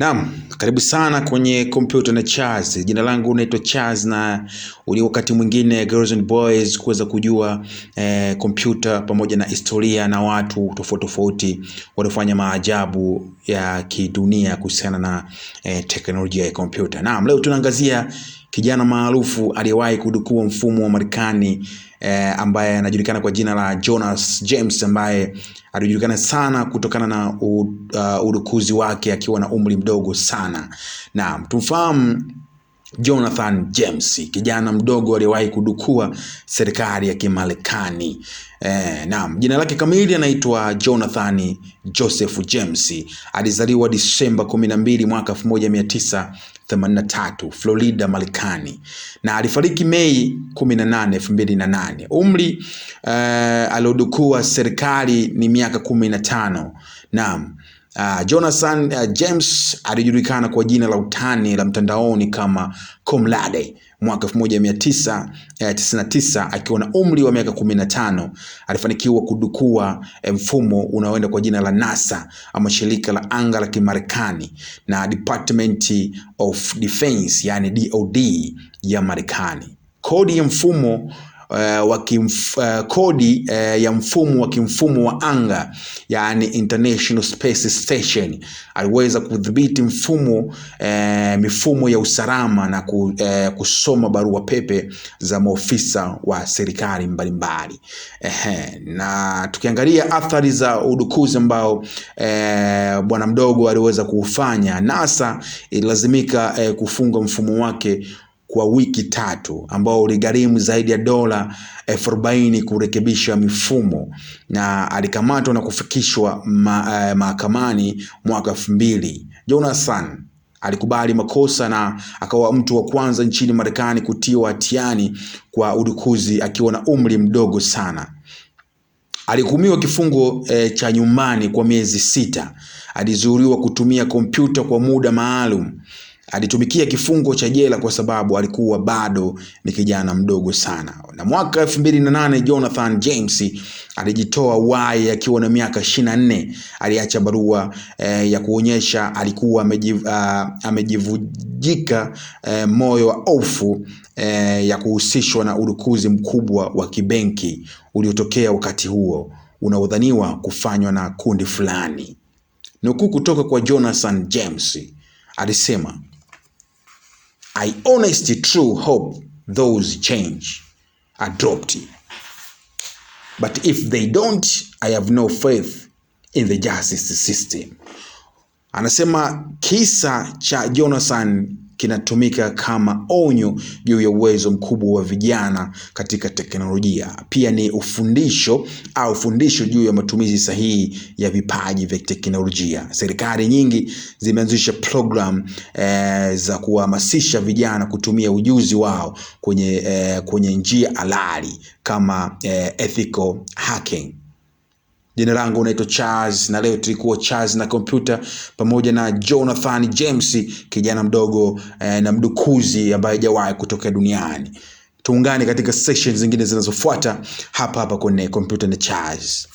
Naam, karibu sana kwenye Computer na Charles. Jina langu naitwa Charles na uli wakati mwingine Girls and Boys kuweza kujua kompyuta eh, pamoja na historia na watu tofauti tofauti waliofanya maajabu ya kidunia kuhusiana na eh, teknolojia ya kompyuta. Naam, leo tunaangazia kijana maarufu aliyewahi kudukua mfumo wa Marekani eh, ambaye anajulikana kwa jina la Jonas James ambaye alijulikana sana kutokana na uh, udukuzi wake akiwa na umri mdogo sana. Naam, tumfahamu Jonathan James, kijana mdogo aliyewahi kudukua serikali ya Kimarekani. Eh, naam, jina lake kamili anaitwa Jonathan Joseph James. Alizaliwa Disemba 12 mwaka 1983 Florida, Marekani na alifariki Mei 18, 2008. Umri eh, aliodukua serikali ni miaka 15. Naam. Uh, Jonathan uh, James alijulikana kwa jina la utani la mtandaoni kama Comlade mwaka 1999 eh, akiwa na umri wa miaka 15 alifanikiwa kudukua eh, mfumo unaoenda kwa jina la NASA ama shirika la anga la Kimarekani na Department of Defense yani DoD ya Marekani. Kodi ya mfumo uh, eh, wa kimf, uh, eh, kodi uh, ya mfumo wa kimfumo wa anga yani International Space Station. Aliweza kudhibiti mfumo uh, mifumo ya usalama na ku, uh, kusoma barua pepe za maofisa wa serikali mbalimbali. Ehe, na tukiangalia athari za udukuzi ambao uh, bwana mdogo aliweza kuufanya, NASA ililazimika uh, kufunga mfumo wake kwa wiki tatu ambao uligharimu zaidi ya dola elfu arobaini kurekebisha mifumo na alikamatwa na kufikishwa eh, mahakamani eh, mwaka elfu mbili. Jonathan alikubali makosa na akawa mtu wa kwanza nchini Marekani kutiwa hatiani kwa udukuzi akiwa na umri mdogo sana. Alihukumiwa kifungo e, cha nyumbani kwa miezi sita. Alizuiliwa kutumia kompyuta kwa muda maalum. Alitumikia kifungo cha jela kwa sababu alikuwa bado ni kijana mdogo sana. Na mwaka 2008 Jonathan James alijitoa wai akiwa na miaka 24. Aliacha barua eh, ya kuonyesha alikuwa amejiv, uh, amejivujika eh, moyo wa hofu eh, ya kuhusishwa na udukuzi mkubwa wa kibenki uliotokea wakati huo unaodhaniwa kufanywa na kundi fulani. Nukuu kutoka kwa Jonathan James alisema I honestly true hope those change dropped. But if they don't, I have no faith in the justice system. Anasema kisa cha Jonathan kinatumika kama onyo juu ya uwezo mkubwa wa vijana katika teknolojia. Pia ni ufundisho au fundisho juu ya matumizi sahihi ya vipaji vya teknolojia. Serikali nyingi zimeanzisha program eh, za kuhamasisha vijana kutumia ujuzi wao kwenye, eh, kwenye njia halali kama eh, ethical hacking. Jina langu unaitwa Charles na leo tulikuwa Charles na kompyuta pamoja na Jonathan James, kijana mdogo eh, na mdukuzi ambaye hajawahi kutokea duniani. Tuungane katika sessions zingine zinazofuata hapa hapa kwenye kompyuta na Charles.